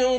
خير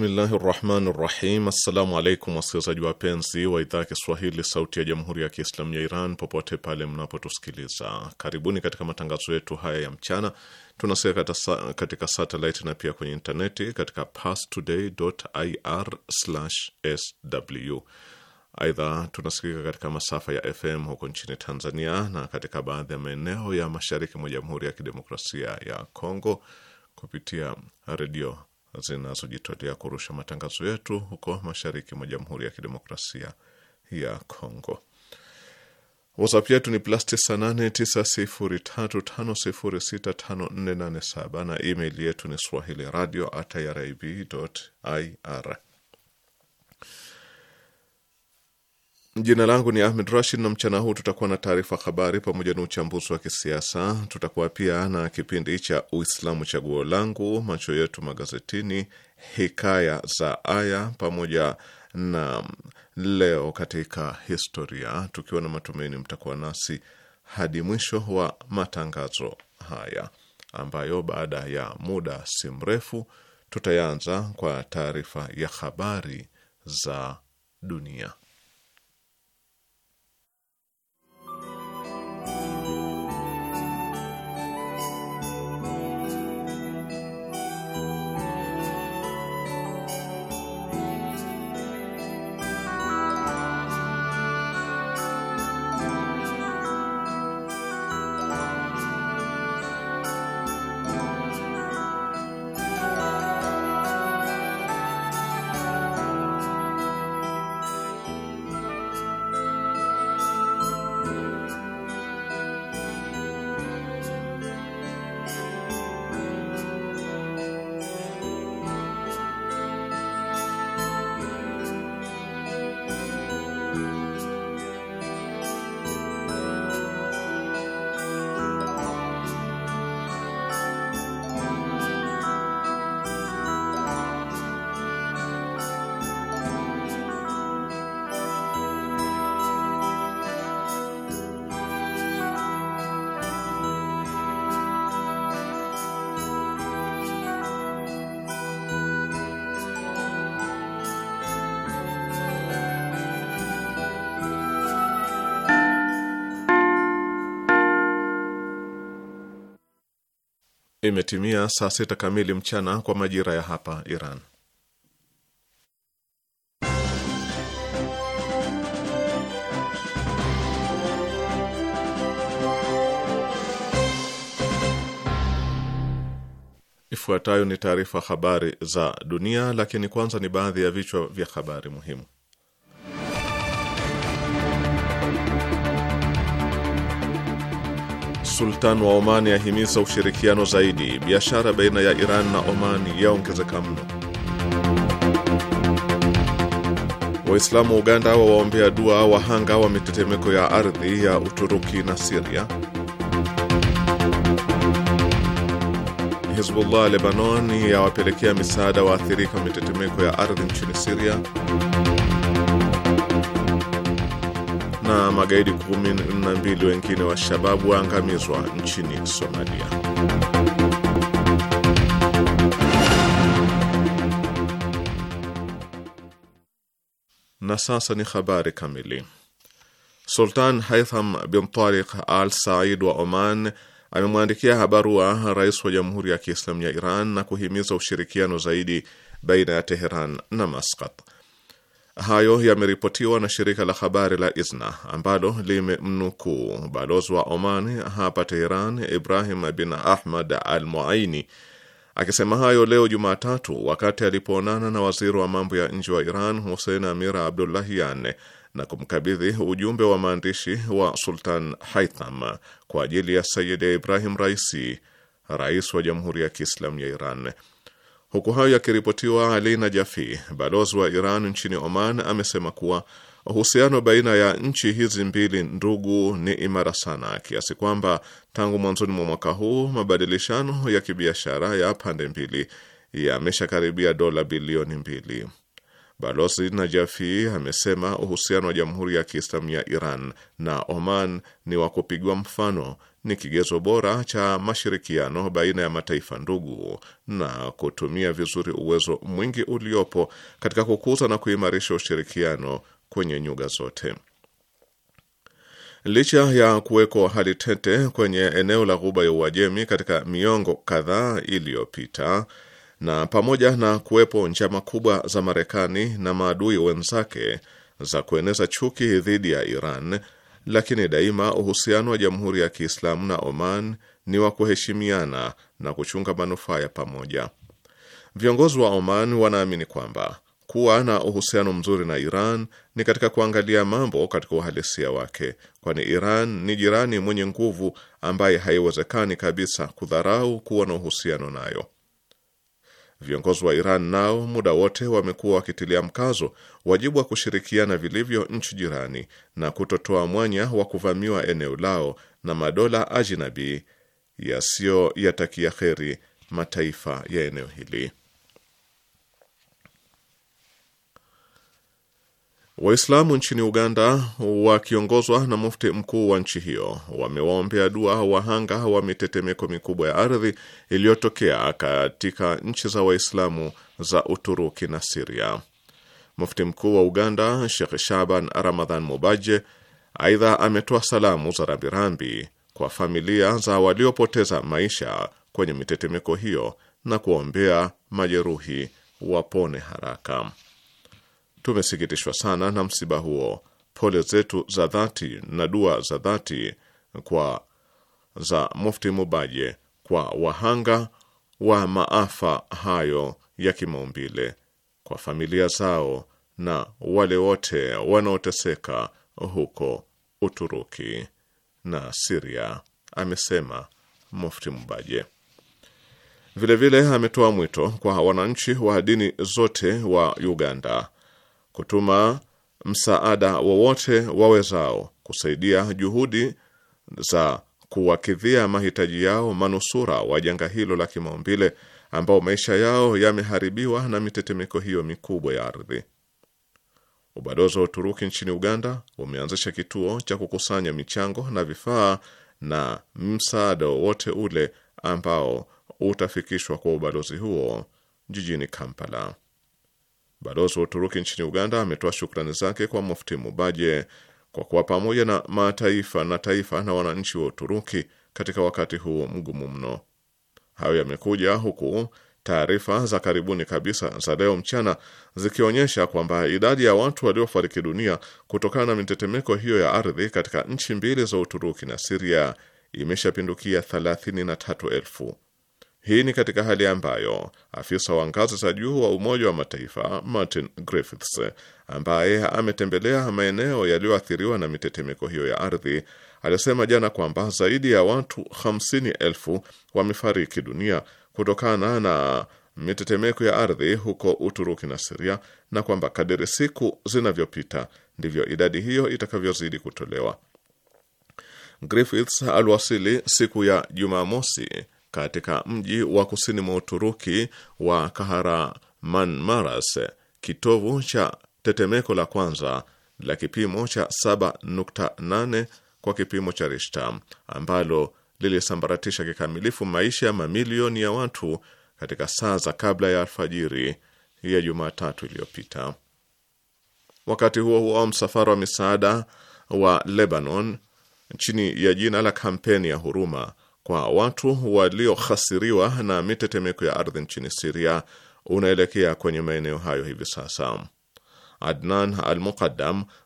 Bismillahi rahmani rahim. Assalamu alaikum wasikilizaji wapenzi wa idhaa ya Kiswahili sauti ya jamhuri ya Kiislamu ya Iran popote pale mnapotusikiliza, karibuni katika matangazo yetu haya ya mchana. Tunasikia katika satellite na pia kwenye intaneti katika pastoday.ir/sw. Aidha, tunasikika katika masafa ya FM huko nchini Tanzania na katika baadhi ya maeneo ya mashariki mwa jamhuri ya kidemokrasia ya Kongo kupitia redio zinazojitolea kurusha matangazo yetu huko mashariki mwa Jamhuri ya Kidemokrasia ya Kongo. WhatsApp yetu ni plus 989035065487 na email yetu ni swahili radio at irib.ir. Jina langu ni Ahmed Rashid, na mchana huu tutakuwa na taarifa habari pamoja na uchambuzi wa kisiasa. Tutakuwa pia na kipindi cha Uislamu chaguo langu, macho yetu magazetini, hikaya za aya, pamoja na leo katika historia, tukiwa na matumaini mtakuwa nasi hadi mwisho wa matangazo haya ambayo baada ya muda si mrefu tutayanza kwa taarifa ya habari za dunia. Imetimia saa sita kamili mchana kwa majira ya hapa Iran. Ifuatayo ni taarifa habari za dunia, lakini kwanza ni baadhi ya vichwa vya habari muhimu. Sultan wa Omani ahimiza ushirikiano zaidi. Biashara baina ya Iran na Omani yaongezeka mno. Waislamu wa Uganda wawaombea dua wahanga wa mitetemeko ya ardhi ya Uturuki na Siria. Hizbullah Lebanon yawapelekea misaada waathirika mitetemeko ya ardhi nchini Siria. na magaidi 12 wengine wa shababu waangamizwa nchini Somalia. Na sasa ni habari kamili. Sultan Haitham bin Tariq Al Said wa Oman amemwandikia barua rais wa Jamhuri ya Kiislamu ya Iran na kuhimiza ushirikiano zaidi baina ya Teheran na Maskat. Hayo yameripotiwa na shirika la habari la ISNA ambalo limemnukuu balozi wa Oman hapa Teheran, Ibrahim bin Ahmad al Muaini akisema hayo leo Jumatatu wakati alipoonana na waziri wa mambo ya nje wa Iran Hussein Amir Abdullahian na kumkabidhi ujumbe wa maandishi wa Sultan Haitham kwa ajili ya Sayid Ibrahim Raisi, rais wa Jamhuri ya Kiislamu ya Iran. Huku hayo yakiripotiwa, Ali Najafi, balozi wa Iran nchini Oman, amesema kuwa uhusiano baina ya nchi hizi mbili ndugu ni imara sana kiasi kwamba tangu mwanzoni mwa mwaka huu mabadilishano ya kibiashara ya pande mbili yameshakaribia dola bilioni mbili. Balozi Najafi amesema uhusiano wa Jamhuri ya Kiislamu ya Iran na Oman ni wa kupigwa mfano ni kigezo bora cha mashirikiano baina ya mataifa ndugu na kutumia vizuri uwezo mwingi uliopo katika kukuza na kuimarisha ushirikiano kwenye nyuga zote. Licha ya kuwekwa hali tete kwenye eneo la Ghuba ya Uajemi katika miongo kadhaa iliyopita na pamoja na kuwepo njama kubwa za Marekani na maadui wenzake za kueneza chuki dhidi ya Iran lakini daima uhusiano wa Jamhuri ya Kiislamu na Oman ni wa kuheshimiana na kuchunga manufaa ya pamoja. Viongozi wa Oman wanaamini kwamba kuwa na uhusiano mzuri na Iran ni katika kuangalia mambo katika uhalisia wake, kwani Iran ni jirani mwenye nguvu ambaye haiwezekani kabisa kudharau kuwa na uhusiano nayo. Viongozi wa Iran nao muda wote wamekuwa wakitilia mkazo wajibu wa kushirikiana vilivyo nchi jirani na kutotoa mwanya wa kuvamiwa eneo lao na madola ajinabi yatakia heri mataifa ya eneo hili. Waislamu nchini Uganda wakiongozwa na mufti mkuu wa nchi hiyo wamewaombea dua wahanga wa mitetemeko mikubwa ya ardhi iliyotokea katika nchi za Waislamu za Uturuki na Siria. Mufti mkuu wa Uganda shekh Shaban Ramadhan Mubaje aidha ametoa salamu za rambirambi kwa familia za waliopoteza maisha kwenye mitetemeko hiyo na kuwaombea majeruhi wapone haraka. Tumesikitishwa sana na msiba huo. Pole zetu za dhati na dua za dhati kwa za Mufti Mubaje kwa wahanga wa maafa hayo ya kimaumbile, kwa familia zao na wale wote wanaoteseka huko Uturuki na Siria, amesema Mufti Mubaje. Vilevile ametoa mwito kwa wananchi wa dini zote wa Uganda kutuma msaada wowote wawezao kusaidia juhudi za kuwakidhia mahitaji yao manusura wa janga hilo la kimaumbile ambao maisha yao yameharibiwa na mitetemeko hiyo mikubwa ya ardhi. Ubalozi wa Uturuki nchini Uganda umeanzisha kituo cha kukusanya michango na vifaa na msaada wowote ule ambao utafikishwa kwa ubalozi huo jijini Kampala. Balozi wa Uturuki nchini Uganda ametoa shukrani zake kwa Mufti Mubaje kwa kuwa pamoja na mataifa na taifa na wananchi wa Uturuki katika wakati huu mgumu mno. Hayo yamekuja huku taarifa za karibuni kabisa za leo mchana zikionyesha kwamba idadi ya watu waliofariki dunia kutokana na mitetemeko hiyo ya ardhi katika nchi mbili za Uturuki na Siria imeshapindukia elfu thelathini na tatu. Hii ni katika hali ambayo afisa wa ngazi za juu wa Umoja wa Mataifa Martin Griffiths, ambaye ametembelea maeneo yaliyoathiriwa na mitetemeko hiyo ya ardhi, alisema jana kwamba zaidi ya watu hamsini wamefariki dunia kutokana na mitetemeko ya ardhi huko Uturuki na Siria, na kwamba kadiri siku zinavyopita ndivyo idadi hiyo itakavyozidi kutolewa. Griffiths aliwasili siku ya Jumamosi katika mji wa kusini mwa Uturuki wa Kahramanmaras, kitovu cha tetemeko la kwanza la kipimo cha 7.8 kwa kipimo cha Richter ambalo lilisambaratisha kikamilifu maisha ya mamilioni ya watu katika saa za kabla ya alfajiri ya Jumatatu iliyopita. Wakati huo huo, msafara wa misaada wa Lebanon chini ya jina la kampeni ya huruma kwa watu waliohasiriwa na mitetemeko ya ardhi nchini Siria unaelekea kwenye maeneo hayo hivi sasa. Adnan al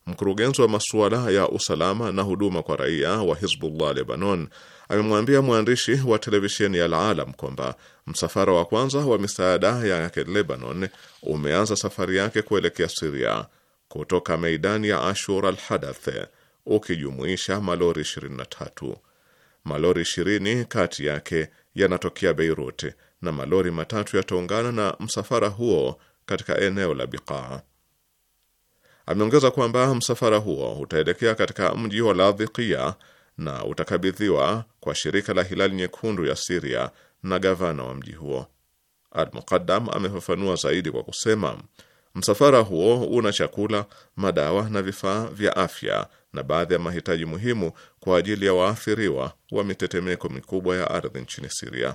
mkurugenzi wa masuala ya usalama na huduma kwa raia wa Hizbullah Lebanon, amemwambia mwandishi wa televisheni ya al kwamba msafara wa kwanza wa misaada ya Lebanon umeanza safari yake kuelekea Siria kutoka meidani ya Ashur al-Hadath ukijumuisha malori 23 malori ishirini kati yake yanatokea Beirut na malori matatu yataungana na msafara huo katika eneo la Biqaa. Ameongeza kwamba msafara huo utaelekea katika mji wa Ladhikia na utakabidhiwa kwa shirika la Hilali Nyekundu ya Siria na gavana wa mji huo. Al-Muqaddam amefafanua zaidi kwa kusema msafara huo una chakula, madawa na vifaa vya afya na baadhi ya mahitaji muhimu kwa ajili ya waathiriwa wa mitetemeko mikubwa ya ardhi nchini Siria.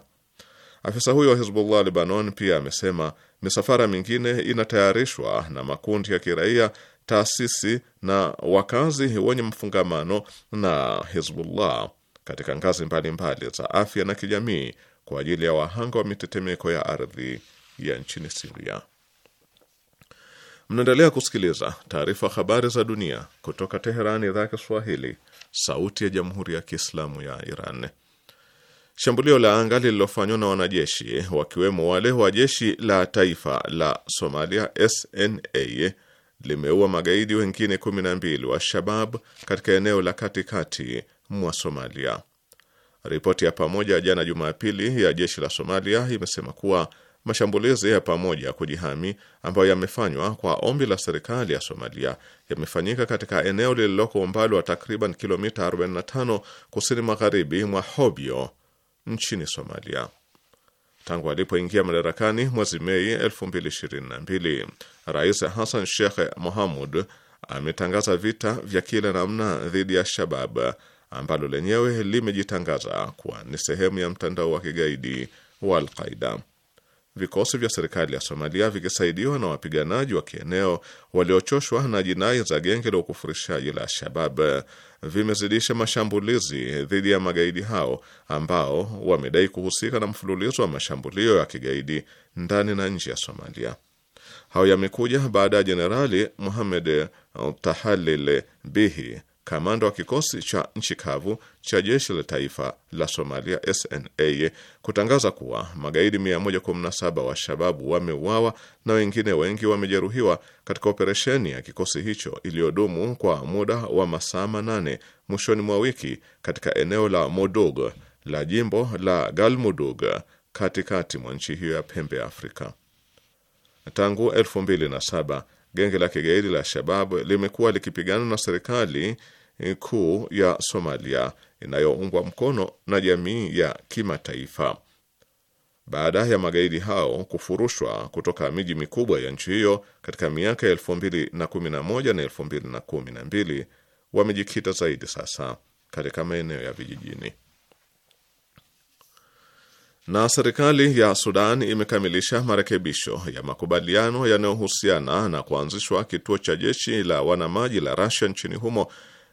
Afisa huyo wa Hizbullah Lebanon pia amesema misafara mingine inatayarishwa na makundi ya kiraia, taasisi na wakazi wenye mfungamano na Hizbullah katika ngazi mbalimbali za afya na kijamii kwa ajili ya wahanga wa mitetemeko ya ardhi ya nchini Siria. Mnaendelea kusikiliza taarifa habari za dunia kutoka teheran idhaa ya Kiswahili, sauti ya jamhuri ya kiislamu ya Iran. Shambulio la anga lililofanywa na wanajeshi wakiwemo wale wa jeshi la taifa la Somalia SNA limeua magaidi wengine 12 wa Shabab katika eneo la katikati mwa Somalia. Ripoti ya pamoja jana Jumapili ya jeshi la Somalia imesema kuwa Mashambulizi ya pamoja kujihami ambayo yamefanywa kwa ombi la serikali ya Somalia yamefanyika katika eneo lililoko umbali wa takriban kilomita 45 kusini magharibi mwa Hobyo nchini Somalia. Tangu alipoingia madarakani mwezi Mei 2022, Rais Hassan Sheikh Mohamud ametangaza vita vya kila namna dhidi ya Shabab ambalo lenyewe limejitangaza kuwa ni sehemu ya mtandao wa kigaidi wa Alqaida vikosi vya serikali ya Somalia vikisaidiwa na wapiganaji wa kieneo waliochoshwa na jinai za genge la ukufurishaji la Al-Shabab vimezidisha mashambulizi dhidi ya magaidi hao ambao wamedai kuhusika na mfululizo wa mashambulio ya kigaidi ndani na nje ya Somalia. Hayo yamekuja baada ya Jenerali Mohamed Tahalil Bihi kamanda wa kikosi cha nchi kavu cha jeshi la taifa la Somalia SNA kutangaza kuwa magaidi 117 wa shababu wameuawa na wengine wengi wamejeruhiwa katika operesheni ya kikosi hicho iliyodumu kwa muda wa masaa manane mwishoni mwa wiki katika eneo la Modug la jimbo la Galmudug katikati mwa nchi hiyo ya pembe ya Afrika. Tangu 2007 genge la kigaidi la shababu limekuwa likipigana na serikali Eh, kuu ya Somalia inayoungwa mkono na jamii ya kimataifa baada ya magaidi hao kufurushwa kutoka miji mikubwa ya nchi hiyo katika miaka ya mbili na mbili wamejikita zaidi sasa katika maeneo ya vijijini. Na serikali ya Sudan imekamilisha marekebisho ya makubaliano yanayohusiana na kuanzishwa kituo cha jeshi la wanamaji la Russia nchini humo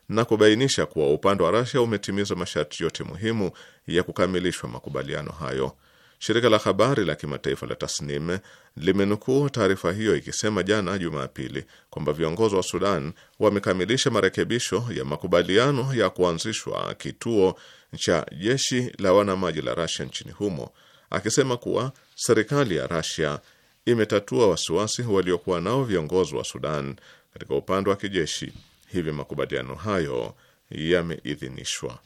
na kubainisha kuwa upande wa Russia umetimiza masharti yote muhimu ya kukamilishwa makubaliano hayo. Shirika la habari la kimataifa la Tasnim limenukuu taarifa hiyo ikisema jana Jumapili kwamba viongozi wa Sudan wamekamilisha marekebisho ya makubaliano ya kuanzishwa kituo cha jeshi la wanamaji la Rasia nchini humo, akisema kuwa serikali ya Rasia imetatua wasiwasi waliokuwa nao viongozi wa Sudan katika upande wa kijeshi hivyo makubaliano hayo yameidhinishwa.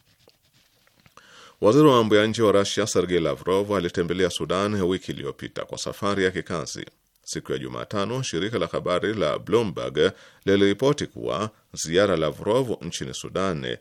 Waziri wa mambo ya nje wa Rasia Sergei Lavrov alitembelea Sudan wiki iliyopita kwa safari ya kikazi. Siku ya Jumatano, shirika la habari la Bloomberg liliripoti kuwa ziara Lavrov nchini Sudan eh,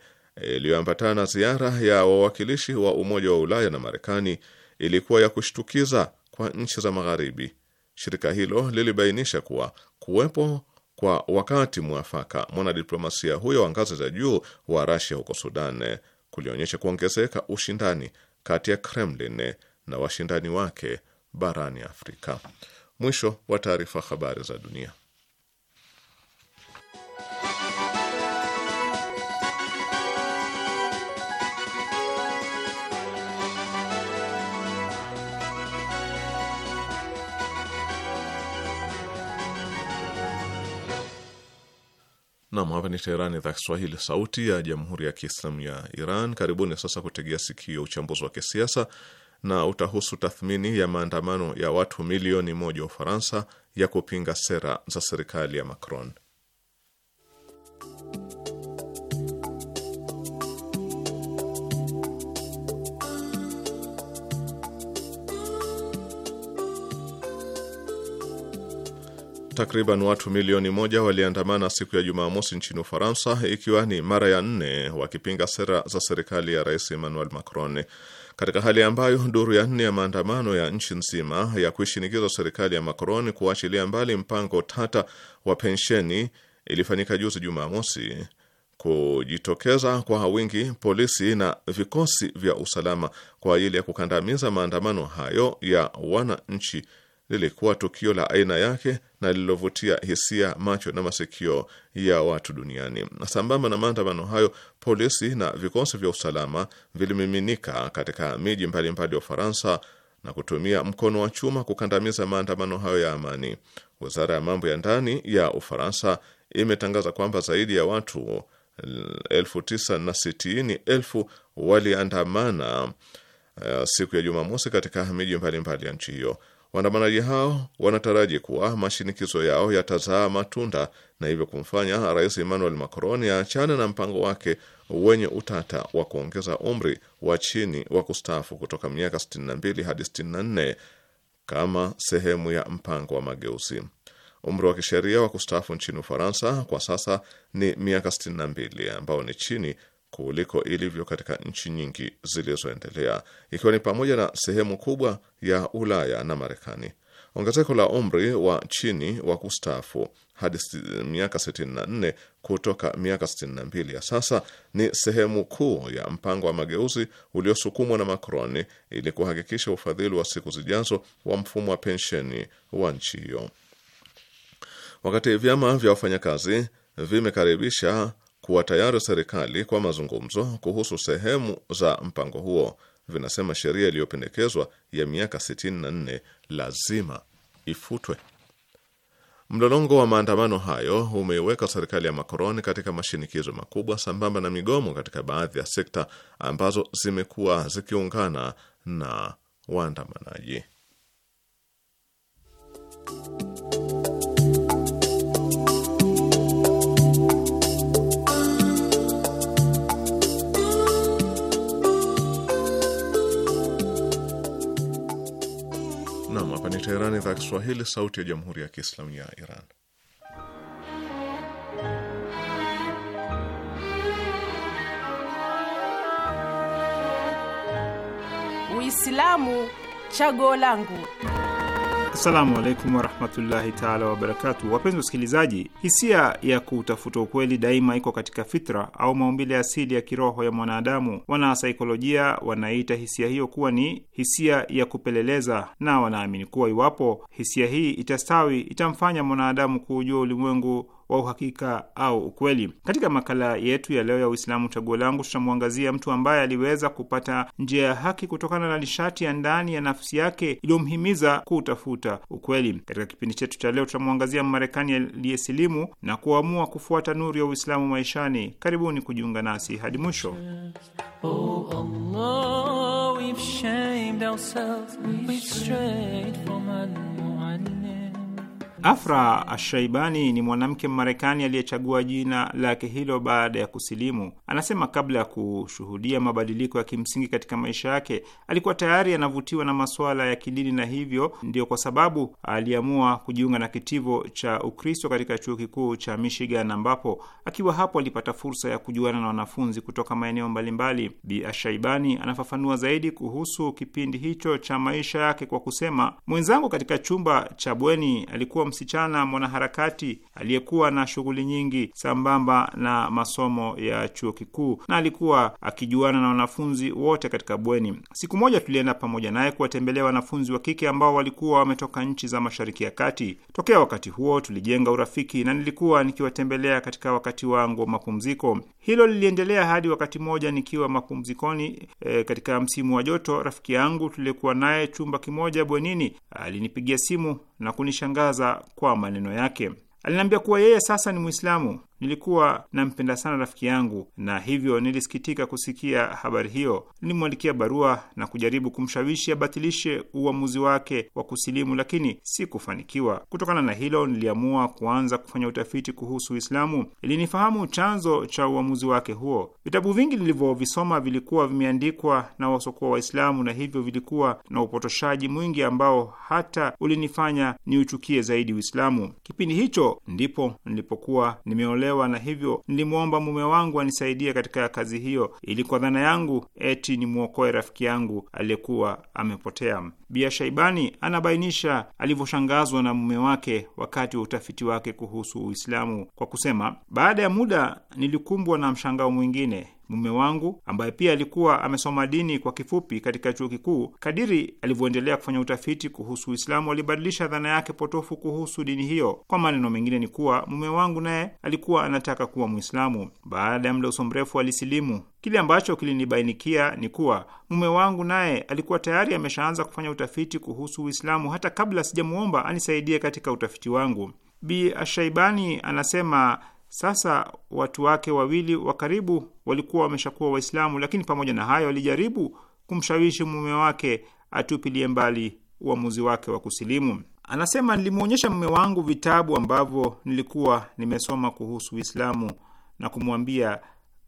iliyoambatana na ziara ya wawakilishi wa Umoja wa Ulaya na Marekani ilikuwa ya kushtukiza kwa nchi za Magharibi. Shirika hilo lilibainisha kuwa kuwepo kwa wakati mwafaka. Mwanadiplomasia huyo wa ngazi za juu wa Rasia huko Sudan kulionyesha kuongezeka ushindani kati ya Kremlin na washindani wake barani Afrika. Mwisho wa taarifa. Habari za dunia. Nam, hapa ni Teherani, idhaa Kiswahili, sauti ya jamhuri ya kiislamu ya Iran. Karibuni sasa kutegea sikio uchambuzi wa kisiasa na utahusu tathmini ya maandamano ya watu milioni moja wa Ufaransa ya kupinga sera za serikali ya Macron. takriban watu milioni moja waliandamana siku ya Jumamosi nchini Ufaransa, ikiwa ni mara ya nne wakipinga sera za serikali ya Rais Emmanuel Macron, katika hali ambayo duru ya nne ya maandamano ya nchi nzima ya kuishinikiza serikali ya Macron kuachilia mbali mpango tata wa pensheni ilifanyika juzi Jumamosi. Kujitokeza kwa wingi polisi na vikosi vya usalama kwa ajili ya kukandamiza maandamano hayo ya wananchi lilikuwa tukio la aina yake na lililovutia hisia, macho na masikio ya watu duniani. Sambamba na maandamano hayo, polisi na vikosi vya usalama vilimiminika katika miji mbalimbali ya Ufaransa na kutumia mkono wa chuma kukandamiza maandamano hayo ya amani. Wizara ya mambo ya ndani ya Ufaransa imetangaza kwamba zaidi ya watu elfu tisa na sitini elfu waliandamana uh, siku ya Jumamosi katika miji mbalimbali ya nchi hiyo. Waandamanaji hao wanataraji kuwa mashinikizo yao yatazaa matunda na hivyo kumfanya Rais Emmanuel Macron aachane na mpango wake wenye utata wa kuongeza umri wa chini wa kustaafu kutoka miaka 62 hadi 64 kama sehemu ya mpango wa mageuzi. Umri wa kisheria wa kustaafu nchini Ufaransa kwa sasa ni miaka 62 ambao ni chini kuliko ilivyo katika nchi nyingi zilizoendelea ikiwa ni pamoja na sehemu kubwa ya Ulaya na Marekani. Ongezeko la umri wa chini wa kustaafu hadi miaka 64 kutoka miaka 62 ya sasa ni sehemu kuu ya mpango wa mageuzi uliosukumwa na Macron ili kuhakikisha ufadhili wa siku zijazo wa mfumo wa pensheni wa nchi hiyo. Wakati vyama vya wafanyakazi vimekaribisha kuwa tayari serikali kwa mazungumzo kuhusu sehemu za mpango huo, vinasema sheria iliyopendekezwa ya miaka 64 lazima ifutwe. Mlolongo wa maandamano hayo umeiweka serikali ya Macron katika mashinikizo makubwa, sambamba na migomo katika baadhi ya sekta ambazo zimekuwa zikiungana na waandamanaji. ni Teherani, idhaa Kiswahili, sauti ya jamhuri ya kiislamu ya Iran. Uislamu chaguo langu. Assalamu alaikum warahmatullahi taala wabarakatu. Wapenzi wasikilizaji, hisia ya kutafuta ukweli daima iko katika fitra au maumbile asili ya kiroho ya mwanadamu. Wanasaikolojia wanaita hisia hiyo kuwa ni hisia ya kupeleleza, na wanaamini kuwa iwapo hisia hii itastawi, itamfanya mwanadamu kuujua ulimwengu wa uhakika au ukweli. Katika makala yetu ya leo ya Uislamu Chaguo Langu, tutamwangazia mtu ambaye aliweza kupata njia ya haki kutokana na nishati ya ndani ya nafsi yake iliyomhimiza kutafuta ukweli. Katika kipindi chetu cha leo, tutamwangazia Mmarekani aliyesilimu na kuamua kufuata nuru ya Uislamu maishani. Karibuni kujiunga nasi hadi mwisho. Oh Allah, we've Afra Ashaibani ni mwanamke Mmarekani aliyechagua jina lake hilo baada ya kusilimu. Anasema kabla ya kushuhudia mabadiliko ya kimsingi katika maisha yake, alikuwa tayari anavutiwa na masuala ya kidini, na hivyo ndio kwa sababu aliamua kujiunga na kitivo cha Ukristo katika chuo kikuu cha Michigan, ambapo akiwa hapo alipata fursa ya kujuana na wanafunzi kutoka maeneo mbalimbali. Bi Ashaibani anafafanua zaidi kuhusu kipindi hicho cha maisha yake kwa kusema, mwenzangu katika chumba cha bweni alikuwa msichana mwanaharakati aliyekuwa na shughuli nyingi sambamba na masomo ya chuo kikuu na alikuwa akijuana na wanafunzi wote katika bweni. Siku moja tulienda pamoja naye kuwatembelea wanafunzi wa kike ambao walikuwa wametoka nchi za Mashariki ya Kati. Tokea wakati huo tulijenga urafiki na nilikuwa nikiwatembelea katika wakati wangu wa mapumziko. Hilo liliendelea hadi wakati mmoja nikiwa mapumzikoni, e, katika msimu wa joto, rafiki yangu tuliyekuwa naye chumba kimoja bwenini alinipigia simu na kunishangaza kwa maneno yake. Aliniambia kuwa yeye sasa ni Mwislamu Nilikuwa nampenda sana rafiki yangu, na hivyo nilisikitika kusikia habari hiyo. Nilimwandikia barua na kujaribu kumshawishi abatilishe uamuzi wake wa kusilimu, lakini sikufanikiwa. Kutokana na hilo, niliamua kuanza kufanya utafiti kuhusu Uislamu ili nifahamu chanzo cha uamuzi wake huo. Vitabu vingi nilivyovisoma vilikuwa vimeandikwa na wasokuwa Waislamu, na hivyo vilikuwa na upotoshaji mwingi ambao hata ulinifanya niuchukie zaidi Uislamu. Kipindi hicho ndipo nilipokuwa nimeolewa kuolewa, na hivyo nilimwomba mume wangu anisaidie katika kazi hiyo, ili kwa dhana yangu eti nimwokoe rafiki yangu aliyekuwa amepotea. Bia Shaibani anabainisha alivyoshangazwa na mume wake wakati wa utafiti wake kuhusu Uislamu kwa kusema, baada ya muda nilikumbwa na mshangao mwingine mume wangu ambaye pia alikuwa amesoma dini kwa kifupi katika chuo kikuu. Kadiri alivyoendelea kufanya utafiti kuhusu Uislamu, alibadilisha dhana yake potofu kuhusu dini hiyo. Kwa maneno mengine, ni kuwa mume wangu naye alikuwa anataka kuwa Mwislamu. Baada ya muda uso mrefu, alisilimu. Kile ambacho kilinibainikia ni kuwa mume wangu naye alikuwa tayari ameshaanza kufanya utafiti kuhusu Uislamu hata kabla sijamwomba anisaidie katika utafiti wangu. Bi Ashaibani anasema sasa watu wake wawili wa karibu walikuwa wameshakuwa Waislamu, lakini pamoja na hayo alijaribu kumshawishi mume wake atupilie mbali uamuzi wake wa kusilimu. Anasema, nilimwonyesha mume wangu vitabu ambavyo nilikuwa nimesoma kuhusu Uislamu na kumwambia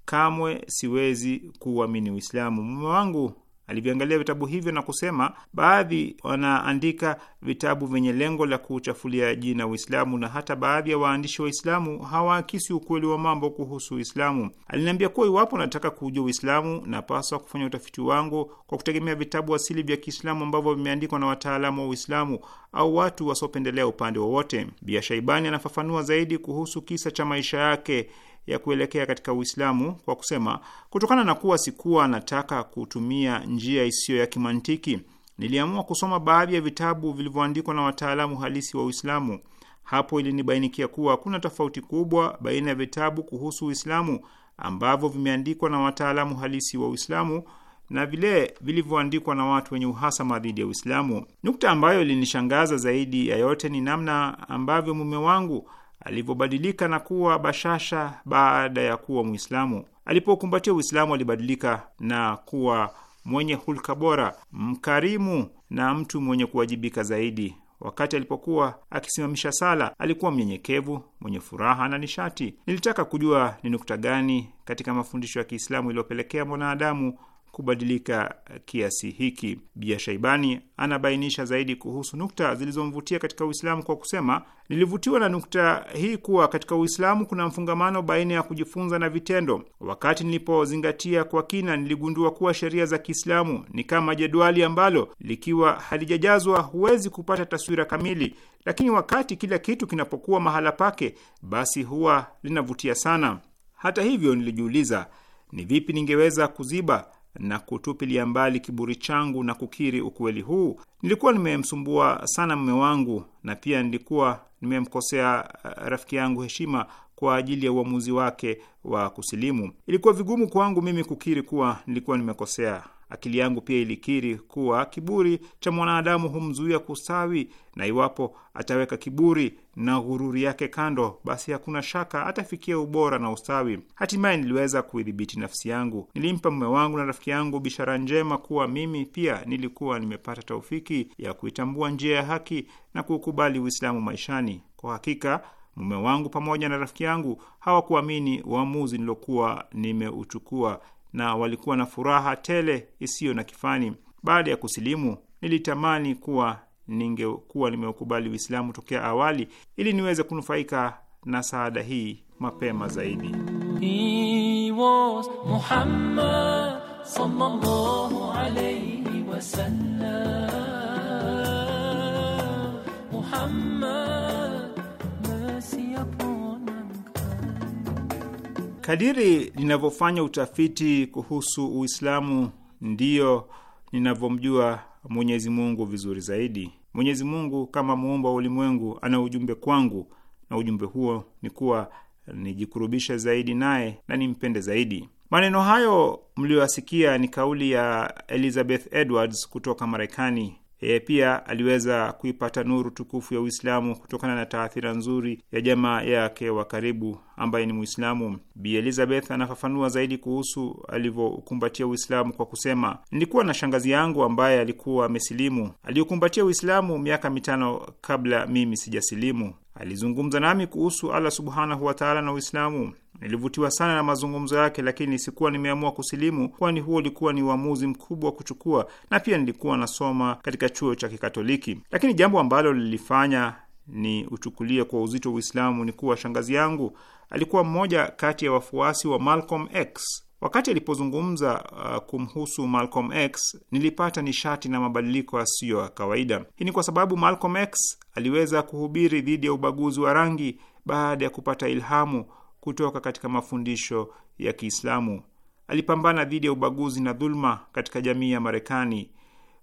kamwe siwezi kuuamini Uislamu. Mume wangu Alivyoangalia vitabu hivyo na kusema baadhi wanaandika vitabu vyenye lengo la kuchafulia jina Uislamu na hata baadhi ya waandishi Waislamu hawaakisi ukweli wa mambo kuhusu Uislamu. Aliniambia kuwa iwapo nataka kujua Uislamu napaswa kufanya utafiti wangu kwa kutegemea vitabu asili vya Kiislamu ambavyo vimeandikwa na wataalamu wa Uislamu au watu wasiopendelea upande wowote. Bia Shaibani anafafanua zaidi kuhusu kisa cha maisha yake ya kuelekea katika Uislamu kwa kusema, kutokana na kuwa sikuwa nataka kutumia njia isiyo ya kimantiki, niliamua kusoma baadhi ya vitabu vilivyoandikwa na wataalamu halisi wa Uislamu. Hapo ilinibainikia kuwa kuna tofauti kubwa baina ya vitabu kuhusu Uislamu ambavyo vimeandikwa na wataalamu halisi wa Uislamu na vile vilivyoandikwa na watu wenye uhasama dhidi ya Uislamu. Nukta ambayo ilinishangaza zaidi ya yote ni namna ambavyo mume wangu alivyobadilika na kuwa bashasha baada ya kuwa Mwislamu. Alipokumbatia Uislamu alibadilika na kuwa mwenye hulka bora, mkarimu na mtu mwenye kuwajibika zaidi. Wakati alipokuwa akisimamisha sala, alikuwa mnyenyekevu, mwenye furaha na nishati. Nilitaka kujua ni nukta gani katika mafundisho ya Kiislamu iliyopelekea mwanadamu kubadilika kiasi hiki. Bia Shaibani anabainisha zaidi kuhusu nukta zilizomvutia katika Uislamu kwa kusema, nilivutiwa na nukta hii kuwa katika Uislamu kuna mfungamano baina ya kujifunza na vitendo. Wakati nilipozingatia kwa kina, niligundua kuwa sheria za Kiislamu ni kama jedwali ambalo likiwa halijajazwa huwezi kupata taswira kamili, lakini wakati kila kitu kinapokuwa mahala pake, basi huwa linavutia sana. Hata hivyo, nilijiuliza ni vipi ningeweza kuziba na kutupilia mbali kiburi changu na kukiri ukweli huu. Nilikuwa nimemsumbua sana mume wangu, na pia nilikuwa nimemkosea uh, rafiki yangu heshima kwa ajili ya uamuzi wake wa kusilimu. Ilikuwa vigumu kwangu mimi kukiri kuwa nilikuwa nimekosea. Akili yangu pia ilikiri kuwa kiburi cha mwanadamu humzuia kustawi, na iwapo ataweka kiburi na ghururi yake kando, basi hakuna shaka atafikia ubora na ustawi. Hatimaye niliweza kuidhibiti nafsi yangu. Nilimpa mume wangu na rafiki yangu bishara njema kuwa mimi pia nilikuwa nimepata taufiki ya kuitambua njia ya haki na kuukubali Uislamu maishani. Kwa hakika mume wangu pamoja na rafiki yangu hawakuamini uamuzi nilokuwa nimeuchukua na walikuwa na furaha tele isiyo na kifani. Baada ya kusilimu, nilitamani kuwa ningekuwa nimeukubali Uislamu tokea awali ili niweze kunufaika na saada hii mapema zaidi. He was Muhammad, Muhammad Kadiri ninavyofanya utafiti kuhusu Uislamu ndiyo ninavyomjua Mwenyezi Mungu vizuri zaidi. Mwenyezi Mungu kama muumba wa ulimwengu ana ujumbe kwangu, na ujumbe huo ni kuwa nijikurubishe zaidi naye na nimpende zaidi. Maneno hayo mliyoyasikia ni kauli ya Elizabeth Edwards kutoka Marekani E, pia aliweza kuipata nuru tukufu ya Uislamu kutokana na taathira nzuri ya jamaa yake wa karibu ambaye ni Mwislamu. Bi Elizabeth anafafanua zaidi kuhusu alivyokumbatia Uislamu kwa kusema, nilikuwa na shangazi yangu ambaye alikuwa amesilimu, aliyokumbatia Uislamu miaka mitano kabla mimi sijasilimu. Alizungumza nami kuhusu Allah subhanahu wataala na Uislamu. Nilivutiwa sana na mazungumzo yake, lakini sikuwa nimeamua kusilimu, kwani huo ulikuwa ni uamuzi mkubwa wa kuchukua, na pia nilikuwa nasoma katika chuo cha Kikatoliki. Lakini jambo ambalo lilifanya ni uchukulia kwa uzito Uislamu ni kuwa shangazi yangu alikuwa mmoja kati ya wafuasi wa Malcolm X. Wakati alipozungumza uh, kumhusu Malcolm X nilipata nishati na mabadiliko yasiyo ya kawaida. Hii ni kwa sababu Malcolm X aliweza kuhubiri dhidi ya ubaguzi wa rangi baada ya kupata ilhamu kutoka katika mafundisho ya Kiislamu. Alipambana dhidi ya ubaguzi na dhuluma katika jamii ya Marekani.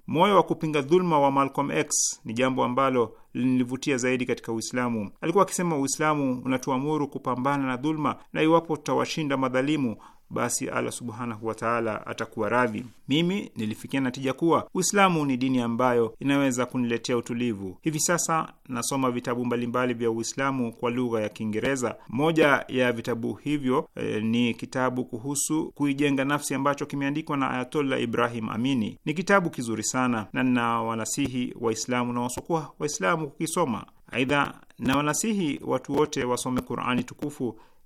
Moyo wa kupinga dhuluma wa Malcolm X ni jambo ambalo lilinivutia zaidi katika Uislamu. Alikuwa akisema, Uislamu unatuamuru kupambana na dhuluma, na iwapo tutawashinda madhalimu, basi Allah subhanahu wataala atakuwa radhi. Mimi nilifikia natija kuwa Uislamu ni dini ambayo inaweza kuniletea utulivu. Hivi sasa nasoma vitabu mbalimbali vya Uislamu kwa lugha ya Kiingereza. Moja ya vitabu hivyo e, ni kitabu kuhusu kuijenga nafsi ambacho kimeandikwa na Ayatollah Ibrahim Amini. Ni kitabu kizuri sana na nina wanasihi Waislamu na wasokuwa Waislamu kukisoma. Aidha na wanasihi watu wote wasome Qurani tukufu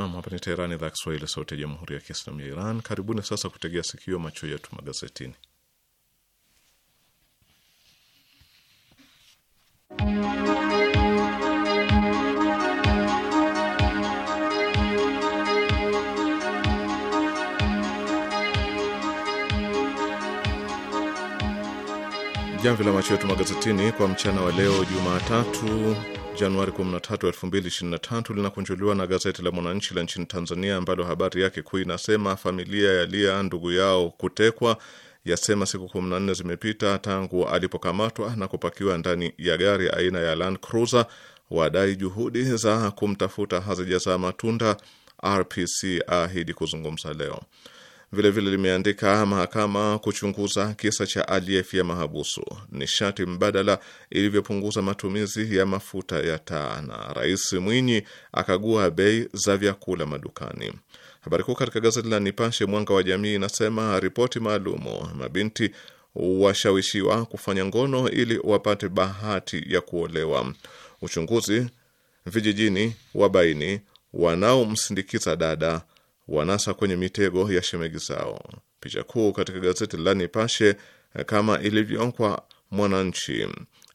Nam, hapa ni Teherani, idhaa Kiswahili, sauti ya jamhuri ya kiislamu ya Iran. Karibuni sasa kutegea sikio, macho yetu magazetini. Jamvi la macho yetu magazetini kwa mchana wa leo Jumatatu Januari 13, 2023 linakunjuliwa na gazeti la Mwananchi la nchini Tanzania ambalo habari yake kuu inasema familia yalia ndugu yao kutekwa, yasema siku 14 zimepita tangu alipokamatwa na kupakiwa ndani ya gari aina ya Land Cruiser, wadai juhudi za kumtafuta hazijazaa matunda, RPC ahidi kuzungumza leo vilevile limeandika mahakama kuchunguza kisa cha aliyefia mahabusu, nishati mbadala ilivyopunguza matumizi ya mafuta ya taa, na Rais Mwinyi akagua bei za vyakula madukani. Habari kuu katika gazeti la Nipashe Mwanga wa Jamii inasema ripoti maalumu, mabinti washawishiwa kufanya ngono ili wapate bahati ya kuolewa. Uchunguzi vijijini wabaini wanaomsindikiza dada wanasa kwenye mitego ya shemegi zao. Picha kuu katika gazeti la Nipashe, kama ilivyo kwa Mwananchi,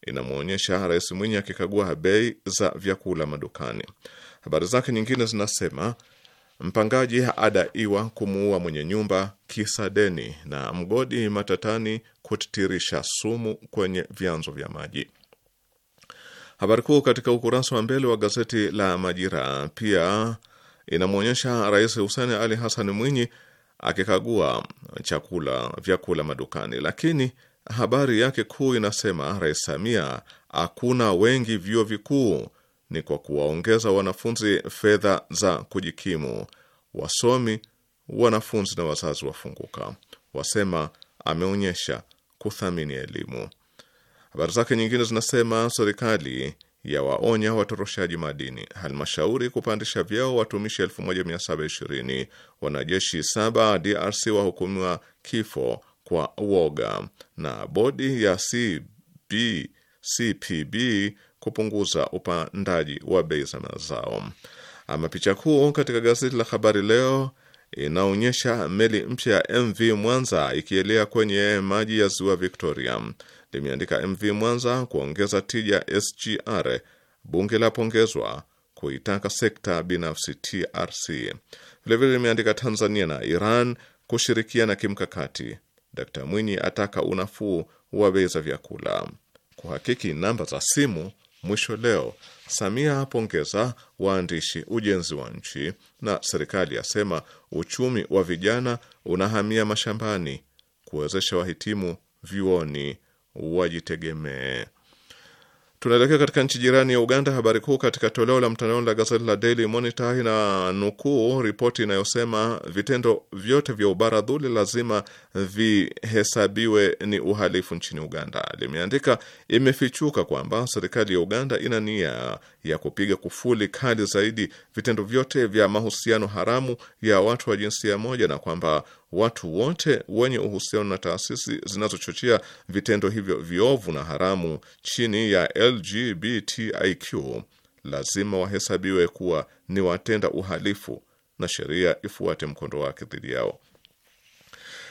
inamwonyesha Rais Mwinyi akikagua bei za vyakula madukani. Habari zake nyingine zinasema mpangaji adaiwa kumuua mwenye nyumba kisa deni, na mgodi matatani kutirisha sumu kwenye vyanzo vya maji. Habari kuu katika ukurasa wa mbele wa gazeti la Majira pia inamwonyesha Rais Hussein Ali Hassan Mwinyi akikagua chakula vyakula madukani, lakini habari yake kuu inasema Rais Samia hakuna wengi vyuo vikuu, ni kwa kuwaongeza wanafunzi fedha za kujikimu. Wasomi, wanafunzi na wazazi wafunguka, wasema ameonyesha kuthamini elimu. Habari zake nyingine zinasema serikali yawaonya watoroshaji madini, halmashauri kupandisha vyao watumishi 1720, wanajeshi saba DRC wahukumiwa kifo kwa woga, na bodi ya CB, CPB kupunguza upandaji wa bei za mazao. Ama picha kuu katika gazeti la Habari Leo inaonyesha meli mpya MV Mwanza ikielea kwenye maji ya ziwa Victoria limeandika MV Mwanza kuongeza tija SGR, bunge la pongezwa kuitaka sekta binafsi TRC. Vilevile limeandika Tanzania na Iran kushirikiana kimkakati. Dkt Mwinyi ataka unafuu wa bei za vyakula. Kuhakiki namba za simu mwisho leo. Samia apongeza waandishi ujenzi wa nchi, na serikali yasema uchumi wa vijana unahamia mashambani, kuwezesha wahitimu vyuoni wajitegemee. Tunaelekea katika nchi jirani ya Uganda. Habari kuu katika toleo la mtandaoni la gazeti la Daily Monitor ina nukuu ripoti inayosema vitendo vyote vya ubara dhuli lazima vihesabiwe ni uhalifu nchini Uganda. Limeandika, imefichuka kwamba serikali ya Uganda ina nia ya kupiga kufuli kali zaidi vitendo vyote vya mahusiano haramu ya watu wa jinsia moja na kwamba watu wote wenye uhusiano na taasisi zinazochochea vitendo hivyo viovu na haramu chini ya LGBTIQ lazima wahesabiwe kuwa ni watenda uhalifu na sheria ifuate mkondo wake dhidi yao.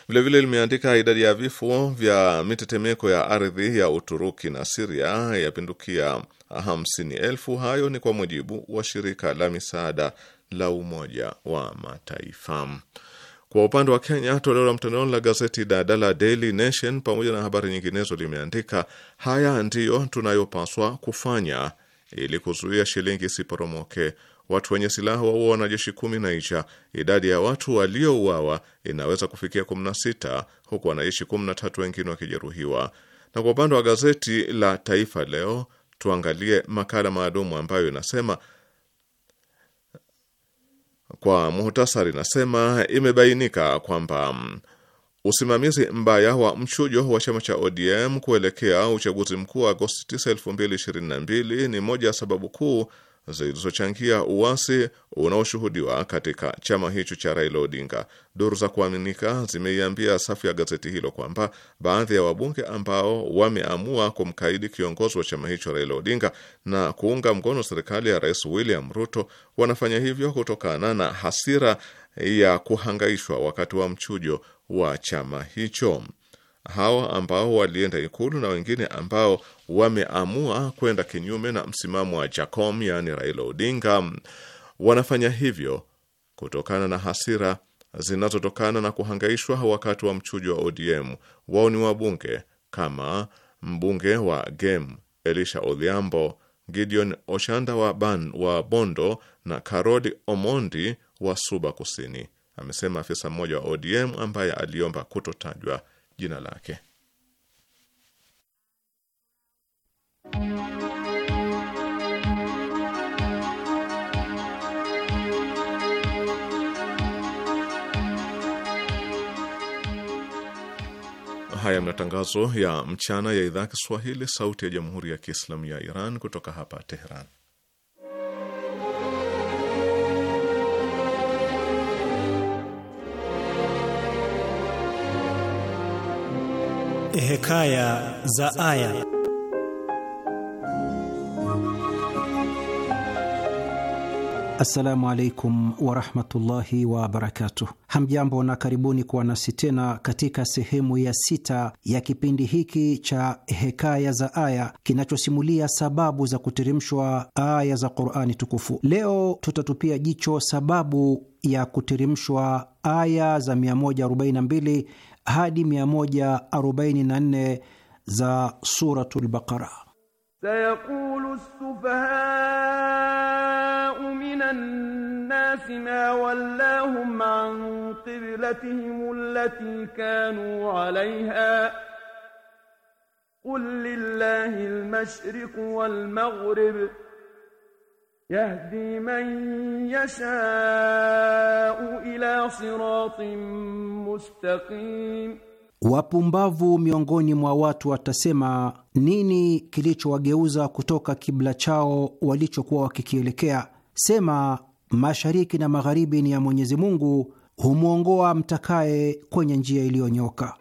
Vilevile limeandika idadi ya vifo vya mitetemeko ya ardhi ya Uturuki na Siria yapindukia hamsini elfu. Hayo ni kwa mujibu wa shirika la misaada la Umoja wa Mataifa. Kwa upande wa Kenya, toleo la mtandaoni la gazeti dada la Daily Nation pamoja na habari nyinginezo limeandika haya ndiyo tunayopaswa kufanya ili kuzuia shilingi isiporomoke. Watu wenye silaha waua wanajeshi kumi na isha. Idadi ya watu waliouawa inaweza kufikia 16 huku wanajeshi 13 wengine wakijeruhiwa. Na kwa upande wa gazeti la Taifa Leo tuangalie makala maalumu ambayo inasema kwa muhtasari, nasema imebainika kwamba usimamizi mbaya wa mchujo wa chama cha ODM kuelekea uchaguzi mkuu wa Agosti 9, 2022 ni moja ya sababu kuu zilizochangia uasi unaoshuhudiwa katika chama hicho cha Raila Odinga. Duru za kuaminika zimeiambia safu ya gazeti hilo kwamba baadhi ya wabunge ambao wameamua kumkaidi kiongozi wa chama hicho Raila Odinga na kuunga mkono serikali ya Rais William Ruto wanafanya hivyo kutokana na hasira ya kuhangaishwa wakati wa mchujo wa chama hicho. Hawa ambao walienda Ikulu na wengine ambao wameamua kwenda kinyume na msimamo wa Jacom, yaani Raila Odinga, wanafanya hivyo kutokana na hasira zinazotokana na kuhangaishwa wakati wa mchujo wa ODM. Wao ni wabunge kama mbunge wa Gem Elisha Odhiambo, Gideon oshanda wa, Ban, wa Bondo na Karodi Omondi wa Suba Kusini, amesema afisa mmoja wa ODM ambaye aliomba kutotajwa jina lake. Haya matangazo ya mchana ya idhaa Kiswahili, sauti ya jamhuri ya kiislamu ya Iran kutoka hapa Teheran. Hekaya za Aya. Assalamu alaikum warahmatullahi wabarakatuh. Hamjambo na karibuni kuwa nasi tena katika sehemu ya sita ya kipindi hiki cha Hekaya za Aya kinachosimulia sababu za kuteremshwa aya za Qurani Tukufu. Leo tutatupia jicho sababu ya kuteremshwa aya za 142 hadi 144 za Suratul Baqara. سيقول السفهاء من الناس ما ولاهم عن قبلتهم التي كانوا عليها قل لله المشرق والمغرب يهدي من يشاء إلى صراط مستقيم Wapumbavu miongoni mwa watu watasema, nini kilichowageuza kutoka kibla chao walichokuwa wakikielekea? Sema, mashariki na magharibi ni ya Mwenyezi Mungu, humwongoa mtakaye kwenye njia iliyonyoka.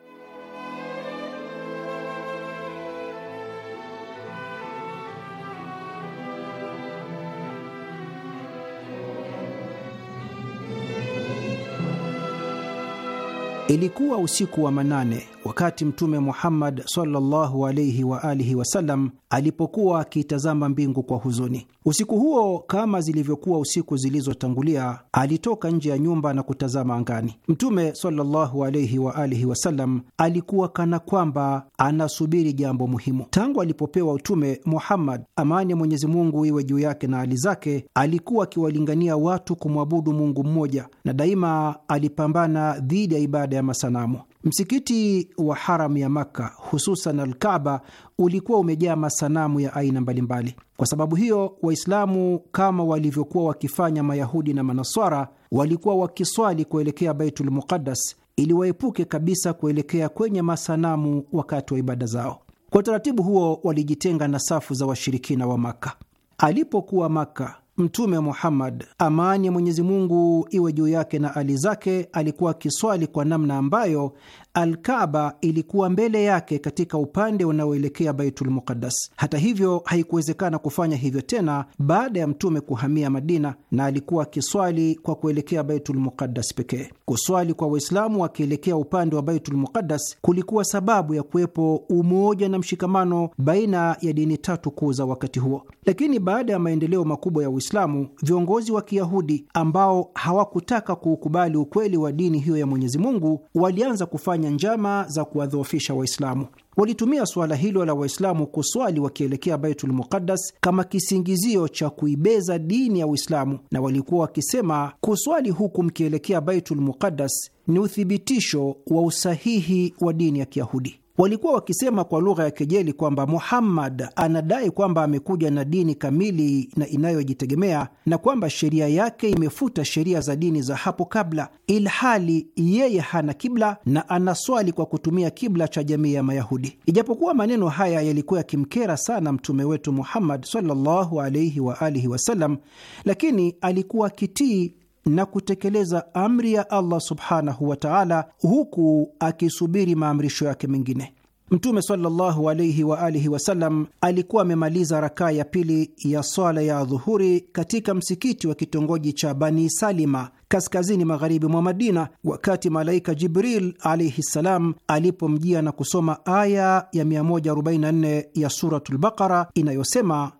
Ilikuwa usiku wa manane wakati Mtume Muhammad sallallahu alaihi wa alihi wasallam alipokuwa akiitazama mbingu kwa huzuni usiku huo. Kama zilivyokuwa usiku zilizotangulia, alitoka nje ya nyumba na kutazama angani. Mtume sallallahu alaihi wa alihi wasallam alikuwa kana kwamba anasubiri jambo muhimu. Tangu alipopewa utume, Muhammad, amani ya Mwenyezi Mungu iwe juu yake na hali zake, alikuwa akiwalingania watu kumwabudu Mungu mmoja, na daima alipambana dhidi ya ibada ya masanamu. Msikiti wa haramu ya Makka, hususan Alkaba, ulikuwa umejaa masanamu ya aina mbalimbali. Kwa sababu hiyo, Waislamu kama walivyokuwa wakifanya Mayahudi na Manaswara walikuwa wakiswali kuelekea Baitul Muqaddas ili waepuke kabisa kuelekea kwenye masanamu wakati wa ibada zao. Kwa utaratibu huo walijitenga na safu za washirikina wa Makka. Alipokuwa Makka, Mtume Muhammad, amani ya Mwenyezi Mungu iwe juu yake na ali zake, alikuwa akiswali kwa namna ambayo Alkaba ilikuwa mbele yake katika upande unaoelekea Baitul Muqaddas. Hata hivyo, haikuwezekana kufanya hivyo tena baada ya Mtume kuhamia Madina, na alikuwa akiswali kwa kuelekea Baitul Muqaddas pekee. Kuswali kwa Waislamu wakielekea upande wa Baitul Muqaddas kulikuwa sababu ya kuwepo umoja na mshikamano baina ya dini tatu kuu za wakati huo. Lakini baada ya maendeleo makubwa ya Uislamu, viongozi wa Kiyahudi ambao hawakutaka kuukubali ukweli wa dini hiyo ya Mwenyezi Mungu walianza kufanya kufanya njama za kuwadhoofisha Waislamu. Walitumia suala hilo la Waislamu kuswali wakielekea Baitul Muqaddas kama kisingizio cha kuibeza dini ya Uislamu, na walikuwa wakisema kuswali huku mkielekea Baitul Muqaddas ni uthibitisho wa usahihi wa dini ya Kiyahudi. Walikuwa wakisema kwa lugha ya kejeli kwamba Muhammad anadai kwamba amekuja na dini kamili na inayojitegemea na kwamba sheria yake imefuta sheria za dini za hapo kabla, ilhali yeye hana kibla na anaswali kwa kutumia kibla cha jamii ya Mayahudi. Ijapokuwa maneno haya yalikuwa yakimkera sana mtume wetu Muhammad sallallahu alaihi wa alihi wasallam, lakini alikuwa kitii na kutekeleza amri ya Allah subhanahu wa taala, huku akisubiri maamrisho yake mengine. Mtume sallallahu alaihi wa alihi wasallam alikuwa amemaliza rakaa ya pili ya swala ya dhuhuri katika msikiti wa kitongoji cha Bani Salima kaskazini magharibi mwa Madina wakati malaika Jibril alaihi ssalam alipomjia na kusoma aya ya 144 ya Suratul Baqara inayosema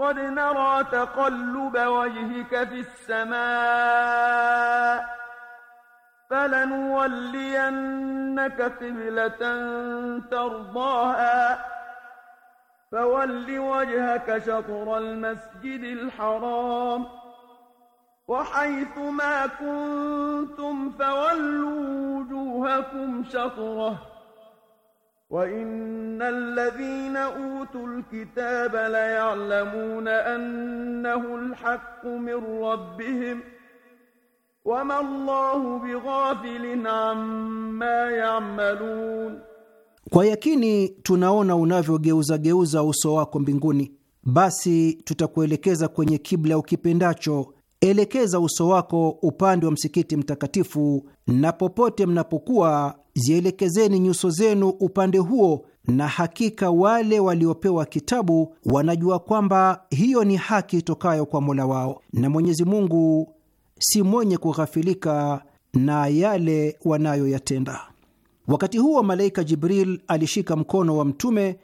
قد نرى تقلب وجهك في السماء فلنولينك قبلة ترضاها فول وجهك شطر المسجد الحرام وحيث ما كنتم فولوا وجوهكم شطره وَإِنَّ الَّذِينَ أُوتُوا الْكِتَابَ لَيَعْلَمُونَ أَنَّهُ الْحَقُّ من ربهم وَمَا اللَّهُ بِغَافِلٍ عَمَّا يَعْمَلُونَ Kwa yakini tunaona unavyogeuza geuza uso wako mbinguni, basi tutakuelekeza kwenye kibla ukipendacho Elekeza uso wako upande wa msikiti mtakatifu, na popote mnapokuwa zielekezeni nyuso zenu upande huo, na hakika wale waliopewa kitabu wanajua kwamba hiyo ni haki itokayo kwa Mola wao, na Mwenyezi Mungu si mwenye kughafilika na yale wanayoyatenda. Wakati huo malaika Jibril alishika mkono wa Mtume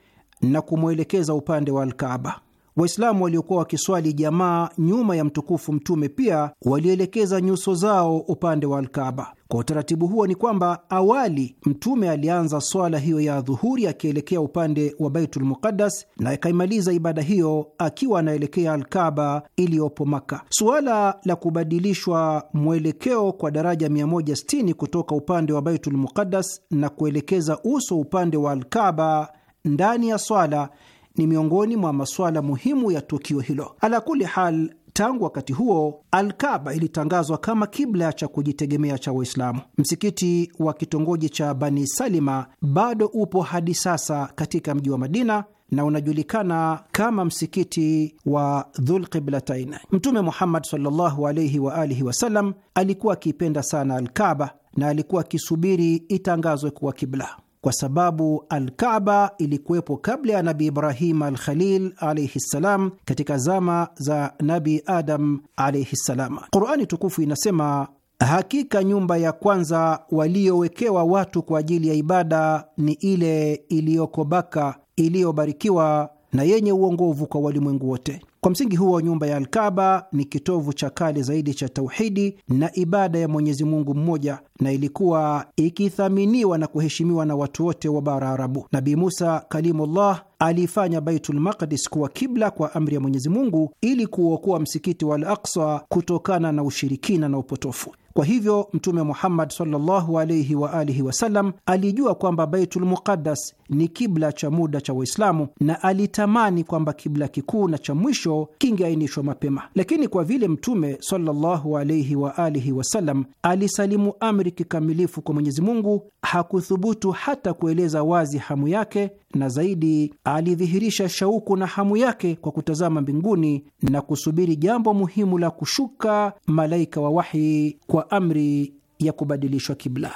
na kumwelekeza upande wa Alkaaba. Waislamu waliokuwa wakiswali jamaa nyuma ya mtukufu Mtume pia walielekeza nyuso zao upande wa Alkaba. Kwa utaratibu huo ni kwamba awali Mtume alianza swala hiyo ya dhuhuri akielekea upande wa Baitul Muqaddas na akaimaliza ibada hiyo akiwa anaelekea Alkaba iliyopo Maka. Suala la kubadilishwa mwelekeo kwa daraja 160 kutoka upande wa Baitul Muqaddas na kuelekeza uso upande wa Alkaba ndani ya swala ni miongoni mwa masuala muhimu ya tukio hilo. Ala kuli hal, tangu wakati huo Alkaba ilitangazwa kama kibla cha kujitegemea cha Waislamu. Msikiti wa kitongoji cha Bani Salima bado upo hadi sasa katika mji wa Madina na unajulikana kama msikiti wa Dhulqiblatain. Mtume Muhammad sallallahu alaihi wa alihi wasallam alikuwa akiipenda sana Alkaba na alikuwa akisubiri itangazwe kuwa kibla kwa sababu Alkaba ilikuwepo kabla ya Nabi Ibrahim alkhalil alaihi ssalam, katika zama za Nabi Adam alaihi ssalam. Qurani tukufu inasema Hakika nyumba ya kwanza waliowekewa watu kwa ajili ya ibada ni ile iliyoko Baka, iliyobarikiwa na yenye uongovu kwa walimwengu wote. Kwa msingi huo, nyumba ya Alkaba ni kitovu cha kale zaidi cha tauhidi na ibada ya Mwenyezi Mungu mmoja, na ilikuwa ikithaminiwa na kuheshimiwa na watu wote wa bara Arabu. Nabii Musa Kalimullah aliifanya Baitul Maqdis kuwa kibla kwa amri ya Mwenyezi Mungu ili kuuokoa msikiti wa Al Aksa kutokana na ushirikina na upotofu. Kwa hivyo Mtume Muhammad sallallahu alaihi wa alihi wasallam alijua kwamba Baitul Muqaddas ni kibla cha muda cha Waislamu na alitamani kwamba kibla kikuu na cha mwisho kingeainishwa mapema, lakini kwa vile Mtume sallallahu alaihi wa alihi wasallam alisalimu amri kikamilifu kwa Mwenyezi Mungu, hakuthubutu hata kueleza wazi hamu yake na zaidi alidhihirisha shauku na hamu yake kwa kutazama mbinguni na kusubiri jambo muhimu la kushuka malaika wa wahi kwa amri ya kubadilishwa kibla.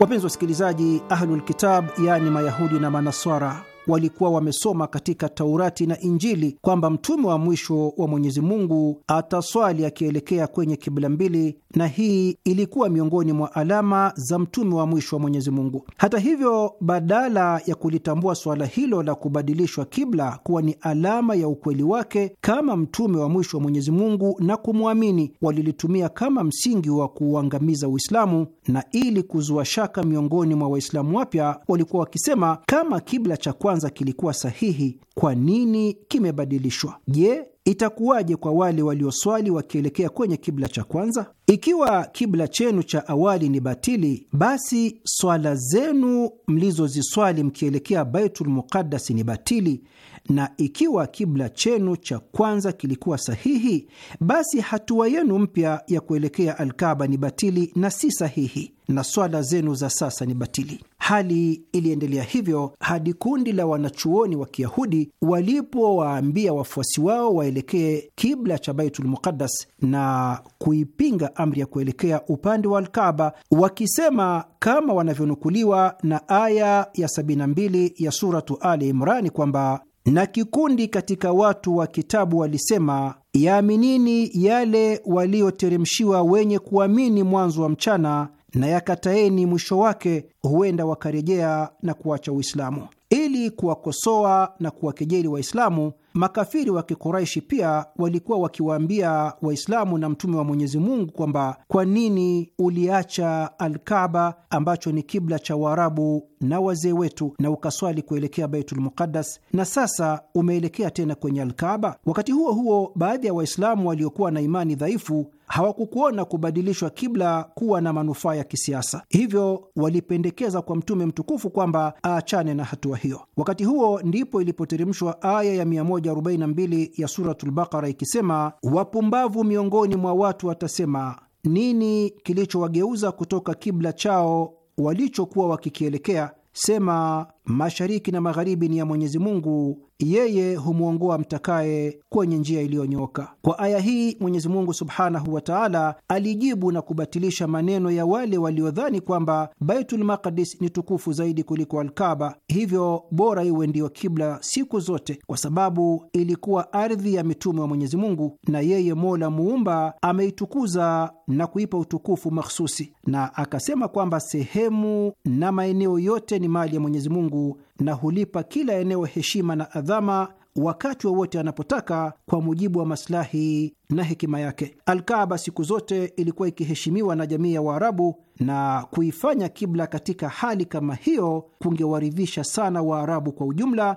Wapenzi wasikilizaji, Ahlulkitab yaani Mayahudi na Manaswara walikuwa wamesoma katika Taurati na Injili kwamba mtume wa mwisho wa Mwenyezi Mungu ataswali akielekea kwenye kibla mbili, na hii ilikuwa miongoni mwa alama za mtume wa mwisho wa Mwenyezi Mungu. Hata hivyo, badala ya kulitambua swala hilo la kubadilishwa kibla kuwa ni alama ya ukweli wake kama mtume wa mwisho wa Mwenyezi Mungu na kumwamini, walilitumia kama msingi wa kuuangamiza Uislamu, na ili kuzua shaka miongoni mwa Waislamu wapya walikuwa wakisema kama kibla cha kwanza kilikuwa sahihi, kwa nini kimebadilishwa? Je, itakuwaje kwa wale walioswali wakielekea kwenye kibla cha kwanza? Ikiwa kibla chenu cha awali ni batili, basi swala zenu mlizoziswali mkielekea Baitul Muqaddasi ni batili, na ikiwa kibla chenu cha kwanza kilikuwa sahihi, basi hatua yenu mpya ya kuelekea Alkaba ni batili na si sahihi, na swala zenu za sasa ni batili. Hali iliendelea hivyo hadi kundi la wanachuoni wa Kiyahudi walipowaambia wafuasi wao waelekee kibla cha Baitul Muqaddas na kuipinga amri ya kuelekea upande wa Alkaba, wakisema kama wanavyonukuliwa na aya ya 72 ya Suratu Ali Imrani kwamba na kikundi katika watu wa kitabu walisema, yaaminini yale waliyoteremshiwa wenye kuamini mwanzo wa mchana na yakataeni mwisho wake, huenda wakarejea na kuacha Uislamu. Ili kuwakosoa na kuwakejeli Waislamu, makafiri wa Kikuraishi pia walikuwa wakiwaambia Waislamu na Mtume wa Mwenyezi Mungu kwamba kwa nini uliacha Alkaba ambacho ni kibla cha Waarabu na wazee wetu na ukaswali kuelekea Baitul Muqaddas na sasa umeelekea tena kwenye Alkaba? Wakati huo huo, baadhi ya Waislamu waliokuwa na imani dhaifu hawakukuona kubadilishwa kibla kuwa na manufaa ya kisiasa, hivyo walipendekeza kwa Mtume mtukufu kwamba aachane na hatua hiyo. Wakati huo ndipo ilipoteremshwa aya ya 142 ya Suratul ikisema, wapumbavu miongoni mwa watu watasema, nini kilichowageuza kutoka kibla chao walichokuwa wakikielekea? Sema, mashariki na magharibi ni ya Mwenyezi Mungu, yeye humwongoa mtakaye kwenye njia iliyonyoka Kwa aya hii Mwenyezi Mungu subhanahu wa taala alijibu na kubatilisha maneno ya wale waliodhani kwamba Baitul Maqdis ni tukufu zaidi kuliko Alkaba, hivyo bora iwe ndiyo kibla siku zote, kwa sababu ilikuwa ardhi ya mitume wa Mwenyezi Mungu, na yeye Mola Muumba ameitukuza na kuipa utukufu mahsusi, na akasema kwamba sehemu na maeneo yote ni mali ya Mwenyezi Mungu Mungu na hulipa kila eneo heshima na adhama wakati wowote anapotaka kwa mujibu wa masilahi na hekima yake. Alkaaba siku zote ilikuwa ikiheshimiwa na jamii ya Waarabu, na kuifanya kibla katika hali kama hiyo kungewaridhisha sana Waarabu kwa ujumla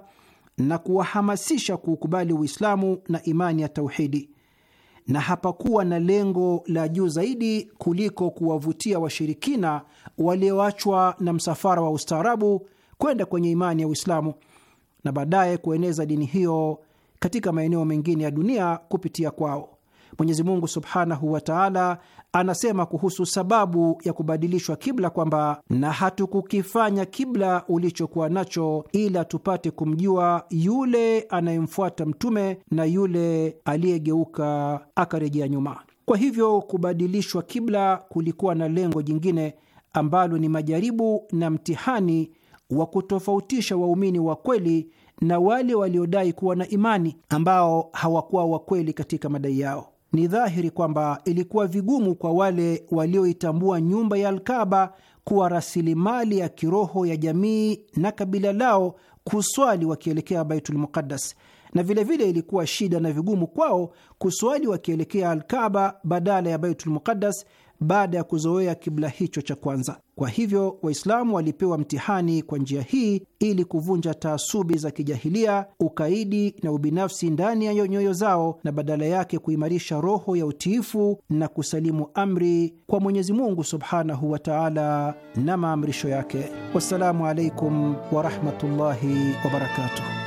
na kuwahamasisha kuukubali Uislamu na imani ya tauhidi, na hapakuwa na lengo la juu zaidi kuliko kuwavutia washirikina walioachwa na msafara wa ustaarabu kwenda kwenye imani ya Uislamu na baadaye kueneza dini hiyo katika maeneo mengine ya dunia kupitia kwao. Mwenyezi Mungu subhanahu wa taala anasema kuhusu sababu ya kubadilishwa kibla kwamba, na hatukukifanya kibla ulichokuwa nacho ila tupate kumjua yule anayemfuata mtume na yule aliyegeuka akarejea nyuma. Kwa hivyo kubadilishwa kibla kulikuwa na lengo jingine ambalo ni majaribu na mtihani wa kutofautisha waumini wa kweli na wale waliodai kuwa na imani ambao hawakuwa wakweli katika madai yao. Ni dhahiri kwamba ilikuwa vigumu kwa wale walioitambua nyumba ya Alkaba kuwa rasilimali ya kiroho ya jamii na kabila lao kuswali wakielekea Baitul Muqaddas, na vilevile vile ilikuwa shida na vigumu kwao kuswali wakielekea Alkaba badala ya Baitul Muqaddas baada ya kuzoea kibla hicho cha kwanza. Kwa hivyo Waislamu walipewa mtihani kwa njia hii ili kuvunja taasubi za kijahilia, ukaidi na ubinafsi ndani ya nyoyo zao, na badala yake kuimarisha roho ya utiifu na kusalimu amri kwa Mwenyezi Mungu subhanahu wa taala na maamrisho yake. Wassalamu alaikum warahmatullahi wabarakatuh.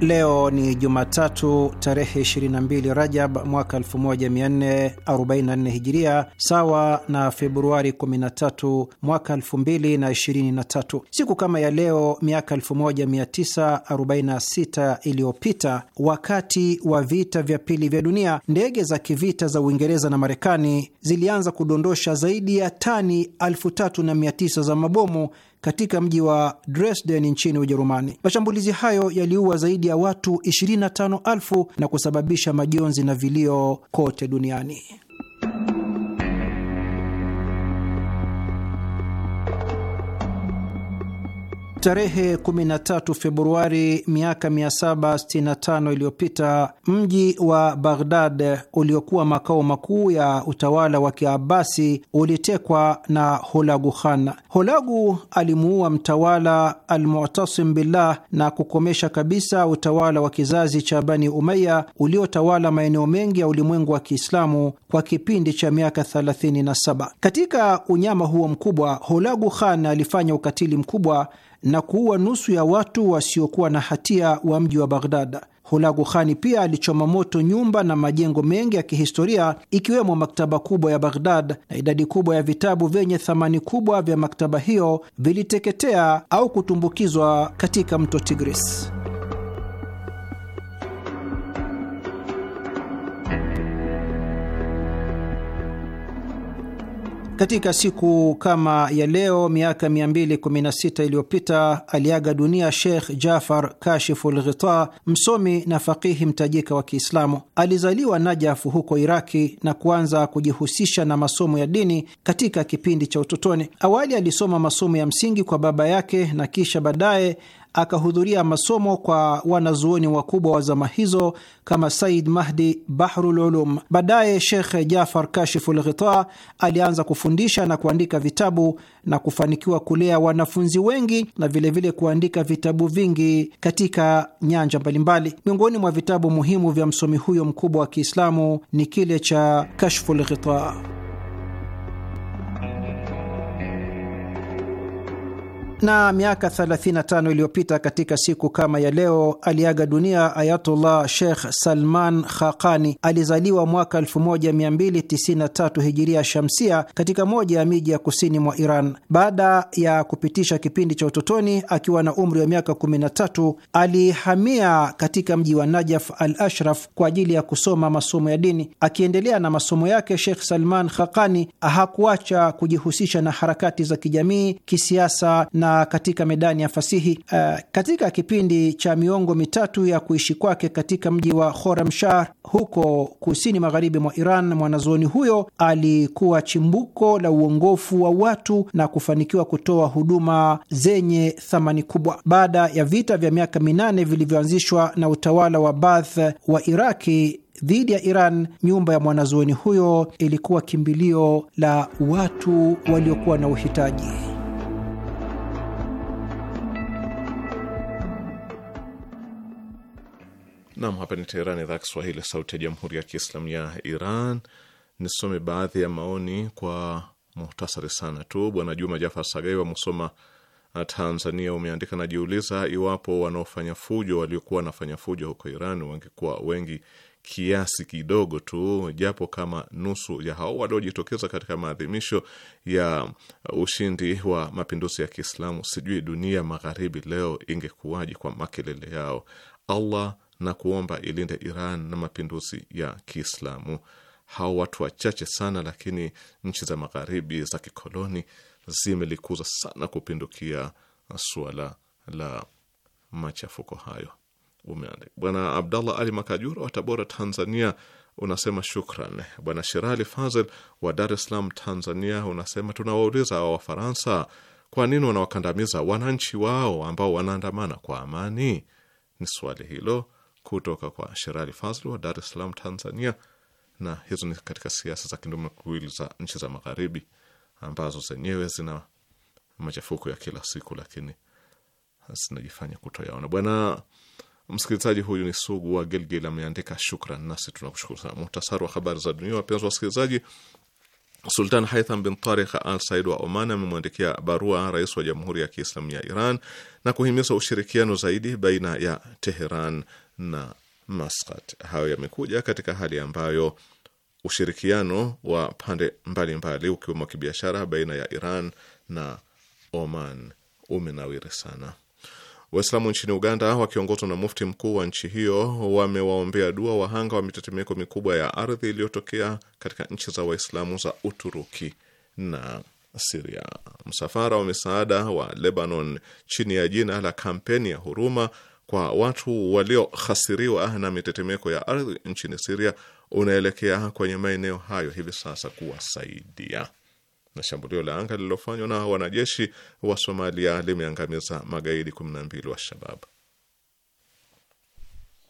Leo ni Jumatatu tarehe 22 Rajab mwaka 1444 Hijiria, sawa na Februari 13 mwaka 2023. Siku kama ya leo miaka 1946 iliyopita, wakati wa vita vya pili vya dunia, ndege za kivita za Uingereza na Marekani zilianza kudondosha zaidi ya tani 3900 za mabomu katika mji wa Dresden nchini Ujerumani. Mashambulizi hayo yaliua zaidi ya watu 25,000 na kusababisha majonzi na vilio kote duniani. Tarehe 13 Februari miaka 765 iliyopita mji wa Baghdad uliokuwa makao makuu ya utawala wa Kiabasi ulitekwa na Hulagu Khan. Hulagu alimuua mtawala Almutasim Billah na kukomesha kabisa utawala wa kizazi cha Bani umaya uliotawala maeneo mengi ya ulimwengu wa Kiislamu kwa kipindi cha miaka 37. Katika unyama huo mkubwa, Hulagu Khan alifanya ukatili mkubwa na kuua nusu ya watu wasiokuwa na hatia wa mji wa Baghdad. Hulagu Khani pia alichoma moto nyumba na majengo mengi ya kihistoria ikiwemo maktaba kubwa ya Baghdad, na idadi kubwa ya vitabu vyenye thamani kubwa vya maktaba hiyo viliteketea au kutumbukizwa katika mto Tigris. Katika siku kama ya leo miaka 216 iliyopita aliaga dunia Sheikh Jafar Kashiful Ghita, msomi na faqihi mtajika wa Kiislamu. Alizaliwa Najafu huko Iraki na kuanza kujihusisha na masomo ya dini katika kipindi cha utotoni. Awali alisoma masomo ya msingi kwa baba yake na kisha baadaye akahudhuria masomo kwa wanazuoni wakubwa wa zama hizo kama Said Mahdi Bahrul Ulum. Baadaye Shekh Jafar Kashiful Ghita alianza kufundisha na kuandika vitabu na kufanikiwa kulea wanafunzi wengi na vilevile vile kuandika vitabu vingi katika nyanja mbalimbali. Miongoni mwa vitabu muhimu vya msomi huyo mkubwa wa Kiislamu ni kile cha Kashful Ghita. Na miaka 35 iliyopita katika siku kama ya leo aliaga dunia Ayatullah Sheikh Salman Khaqani. Alizaliwa mwaka 1293 hijiria shamsia katika moja ya miji ya kusini mwa Iran. Baada ya kupitisha kipindi cha utotoni akiwa na umri wa miaka 13, alihamia katika mji wa Najaf al Ashraf kwa ajili ya kusoma masomo ya dini. Akiendelea na masomo yake, Sheikh Salman Khaqani hakuacha kujihusisha na harakati za kijamii, kisiasa na na katika medani ya fasihi. Uh, katika kipindi cha miongo mitatu ya kuishi kwake katika mji wa horamshar huko kusini magharibi mwa Iran, mwanazuoni huyo alikuwa chimbuko la uongofu wa watu na kufanikiwa kutoa huduma zenye thamani kubwa. Baada ya vita vya miaka minane vilivyoanzishwa na utawala wa Baath wa Iraki dhidi ya Iran, nyumba ya mwanazuoni huyo ilikuwa kimbilio la watu waliokuwa na uhitaji. Nam, hapa ni Teherani, idhaa Kiswahili, sauti ya jamhuri ya kiislamu ya Iran. Nisome baadhi ya maoni kwa muhtasari sana tu. Bwana Juma Jafar Sagai wa Musoma, uh, Tanzania, umeandika najiuliza, iwapo wanaofanya fujo waliokuwa wanafanya fujo huko Iran wangekuwa wengi kiasi kidogo tu, japo kama nusu ya hao waliojitokeza katika maadhimisho ya ushindi wa mapinduzi ya Kiislamu, sijui dunia magharibi leo ingekuwaje kwa makelele yao. Allah na kuomba ilinde Iran na mapinduzi ya Kiislamu. Hao watu wachache sana, lakini nchi za magharibi za kikoloni zimelikuza sana kupindukia suala la machafuko hayo. Umeandika Bwana Abdallah Ali Makajura wa Tabora, Tanzania, unasema shukran. Bwana Sherali Fazel wa Dar es Salaam, Tanzania, unasema tunawauliza wa Wafaransa kwa nini wanawakandamiza wananchi wao ambao wanaandamana kwa amani? Ni swali hilo kutoka kwa Sherali Fazl wa Dar es Salaam, Tanzania. Na hizo ni katika siasa za kindumakuwili za nchi za Magharibi ambazo zenyewe zina machafuko ya kila siku, lakini zinajifanya kutoyaona. Bwana msikilizaji huyu ni Sugu wa Gilgil ameandika shukran, nasi tunakushukuru sana. Muhtasari wa habari za dunia, wapenzi wasikilizaji, Sultan Haitham bin Tarikh Al Said wa Oman amemwandikia barua rais wa Jamhuri ya Kiislamu ya Iran na kuhimiza ushirikiano zaidi baina ya Teheran na Maskat. Hayo yamekuja katika hali ambayo ushirikiano wa pande mbalimbali ukiwemo kibiashara baina ya Iran na Oman umenawiri sana. Waislamu nchini Uganda wakiongozwa na mufti mkuu wa nchi hiyo wamewaombea dua wahanga wa mitetemeko mikubwa ya ardhi iliyotokea katika nchi za Waislamu za Uturuki na Siria. Msafara wa misaada wa Lebanon chini ya jina la kampeni ya huruma kwa watu waliohasiriwa na mitetemeko ya ardhi nchini Siria unaelekea kwenye maeneo hayo hivi sasa kuwasaidia na shambulio la anga lililofanywa na wanajeshi wa Somalia limeangamiza magaidi 12 wa Shabab.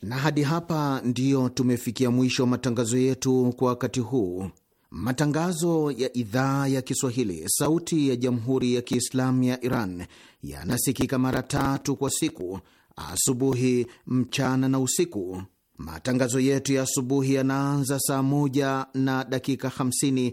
Na hadi hapa ndiyo tumefikia mwisho wa matangazo yetu kwa wakati huu. Matangazo ya idhaa ya Kiswahili, sauti ya jamhuri ya kiislamu ya Iran yanasikika mara tatu kwa siku: asubuhi, mchana na usiku. Matangazo yetu ya asubuhi yanaanza saa moja na dakika 50